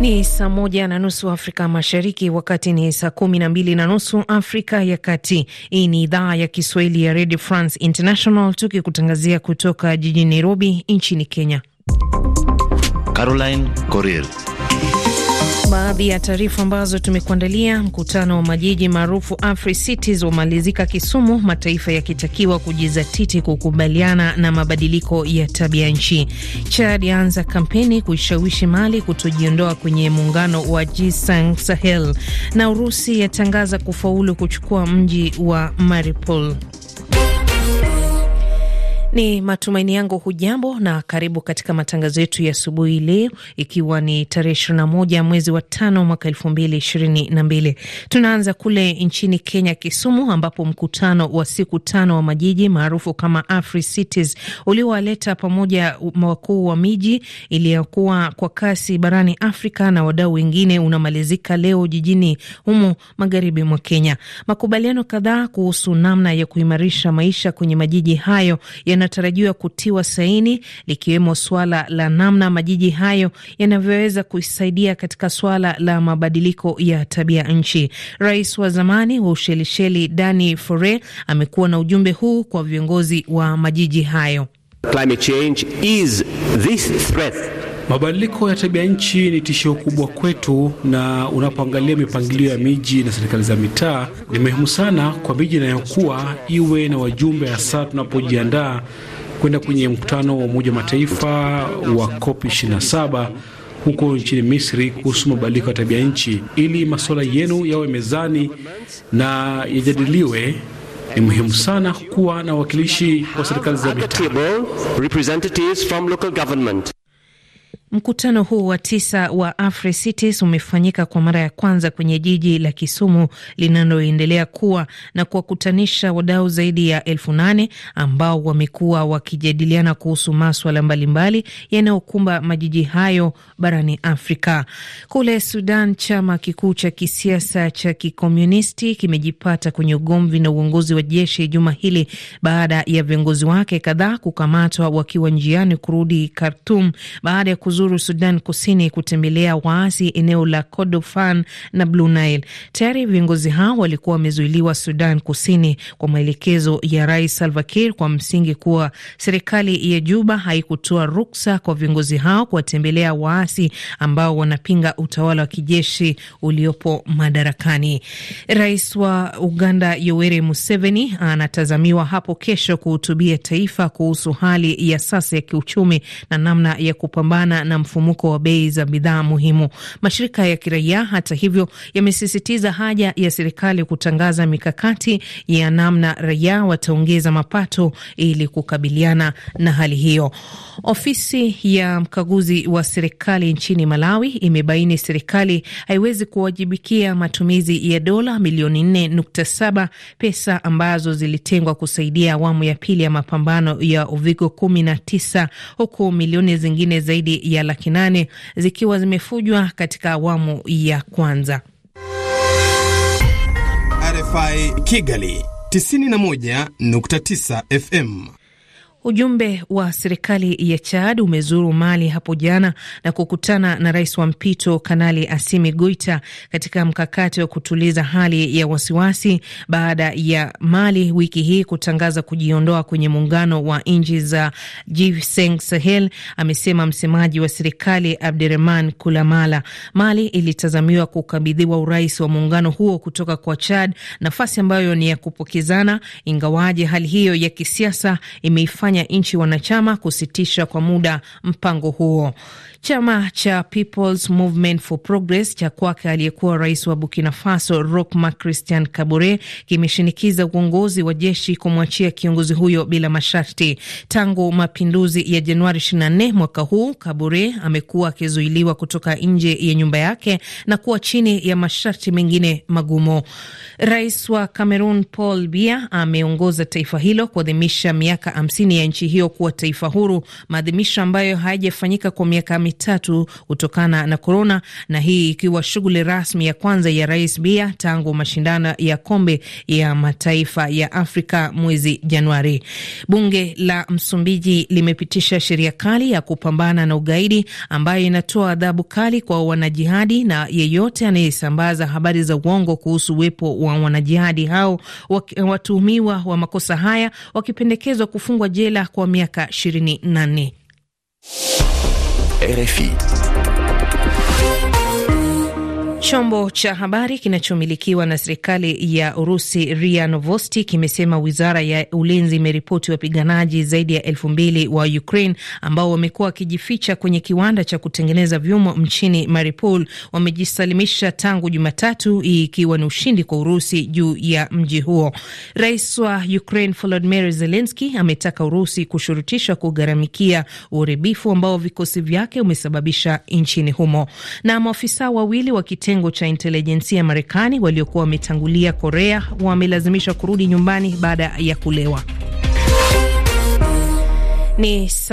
Ni saa moja na nusu Afrika Mashariki, wakati ni saa kumi na mbili na nusu Afrika ya Kati. Hii ni idhaa ya Kiswahili ya Radio France International, tukikutangazia kutoka jijini Nairobi nchini Kenya. Caroline Coril baadhi ya taarifa ambazo tumekuandalia. Mkutano wa majiji maarufu AfriCities wamalizika Kisumu, mataifa yakitakiwa kujizatiti kukubaliana na mabadiliko ya tabia nchi. Chad yaanza kampeni kuishawishi Mali kutojiondoa kwenye muungano wa G5 Sahel, na Urusi yatangaza kufaulu kuchukua mji wa Mariupol. Ni matumaini yangu hujambo na karibu katika matangazo yetu ya asubuhi leo, ikiwa ni tarehe moja mwezi wa tano mwaka mbili. Tunaanza kule nchini Kenya, Kisumu, ambapo mkutano wa siku tano wa majiji maarufu kama AfriCities uliowaleta pamoja wakuu wa miji iliyokuwa kwa kasi barani Afrika na wadau wengine unamalizika leo jijini humo magharibi mwa Kenya. Makubaliano kadhaa kuhusu namna ya kuimarisha maisha kwenye majiji hayo ya yanatarajiwa kutiwa saini likiwemo suala la namna majiji hayo yanavyoweza kuisaidia katika suala la mabadiliko ya tabia nchi. Rais wa zamani wa Ushelisheli Dani Fore amekuwa na ujumbe huu kwa viongozi wa majiji hayo. Climate change is this threat Mabadiliko ya tabia nchi ni tishio kubwa kwetu, na unapoangalia mipangilio ya miji na serikali za mitaa, ni muhimu sana kwa miji inayokuwa iwe na wajumbe, hasa tunapojiandaa kwenda kwenye mkutano wa Umoja wa Mataifa wa COP 27 huko nchini Misri kuhusu mabadiliko ya tabia nchi, ili masuala yenu yawe mezani na yajadiliwe. Ni muhimu sana kuwa na wawakilishi wa serikali za mitaa. Mkutano huu wa tisa wa AfriCities umefanyika kwa mara ya kwanza kwenye jiji la Kisumu linaloendelea kuwa na kuwakutanisha wadau zaidi ya elfu nane ambao wamekuwa wakijadiliana kuhusu maswala mbalimbali yanayokumba majiji hayo barani Afrika. Kule Sudan, chama kikuu cha kisiasa cha kikomunisti kimejipata kwenye ugomvi na uongozi wa jeshi juma hili baada ya viongozi wake kadhaa kukamatwa wakiwa njiani kurudi Khartum baada ya kuzuru Sudan Kusini kutembelea waasi eneo la Kordofan na Blue Nile. Tayari viongozi hao walikuwa wamezuiliwa Sudan Kusini kwa maelekezo ya Rais Salva Kiir kwa msingi kuwa serikali ya Juba haikutoa ruksa kwa viongozi hao kuwatembelea waasi ambao wanapinga utawala wa kijeshi uliopo madarakani. Rais wa Uganda Yoweri Museveni anatazamiwa hapo kesho kuhutubia taifa kuhusu hali ya sasa ya kiuchumi na namna ya kupambana na mfumuko wa bei za bidhaa muhimu. Mashirika ya kiraia hata hivyo yamesisitiza haja ya serikali kutangaza mikakati ya namna raia wataongeza mapato ili kukabiliana na hali hiyo. Ofisi ya mkaguzi wa serikali nchini Malawi imebaini serikali haiwezi kuwajibikia matumizi ya dola milioni 4.7 pesa ambazo zilitengwa kusaidia awamu ya pili ya mapambano ya uviko 19 huku milioni zingine zaidi ya ya laki nane zikiwa zimefujwa katika awamu ya kwanza. RFI Kigali 91.9 FM. Ujumbe wa serikali ya Chad umezuru Mali hapo jana na kukutana na rais wa mpito Kanali Asimi Goita katika mkakati wa kutuliza hali ya wasiwasi baada ya Mali wiki hii kutangaza kujiondoa kwenye muungano wa nchi za G5 Sahel, amesema msemaji wa serikali Abdurahman Kulamala. Mali ilitazamiwa kukabidhiwa urais wa muungano huo kutoka kwa Chad, nafasi ambayo ni ya kupokezana, ingawaje hali hiyo ya kisiasa imeifanya kuzifanya nchi wanachama kusitisha kwa muda mpango huo. Chama cha People's Movement for Progress cha kwake aliyekuwa rais wa Burkina Faso Roch-Marc Christian Kabore kimeshinikiza uongozi wa jeshi kumwachia kiongozi huyo bila masharti. Tangu mapinduzi ya Januari 24 mwaka huu, Kabore amekuwa akizuiliwa kutoka nje ya nyumba yake na kuwa chini ya masharti mengine magumu. Rais wa Cameroon Paul Biya ameongoza taifa hilo kuadhimisha miaka 50 ya nchi hiyo kuwa taifa huru, maadhimisho ambayo hayajafanyika kwa miaka mitatu kutokana na korona, na hii ikiwa shughuli rasmi ya kwanza ya Rais Bia tangu mashindano ya kombe ya mataifa ya Afrika mwezi Januari. Bunge la Msumbiji limepitisha sheria kali ya kupambana na ugaidi ambayo inatoa adhabu kali kwa wanajihadi na yeyote anayesambaza habari za uongo kuhusu uwepo wa wanajihadi hao. Watuhumiwa wa makosa haya wakipendekezwa kufungwa jela jela kwa miaka 24. RFI Chombo cha habari kinachomilikiwa na serikali ya Urusi, Ria Novosti, kimesema wizara ya ulinzi imeripoti wapiganaji zaidi ya elfu mbili wa Ukraine ambao wamekuwa wakijificha kwenye kiwanda cha kutengeneza vyuma mchini Mariupol wamejisalimisha tangu Jumatatu, hii ikiwa ni ushindi kwa Urusi juu ya mji huo. Rais wa Ukraine Volodymyr Zelensky ametaka Urusi kushurutishwa kugharamikia uharibifu ambao vikosi vyake umesababisha nchini humo na maafisa wawili wa kitengo cha intelijensia ya Marekani waliokuwa wametangulia Korea wamelazimishwa kurudi nyumbani baada ya kulewa. Ni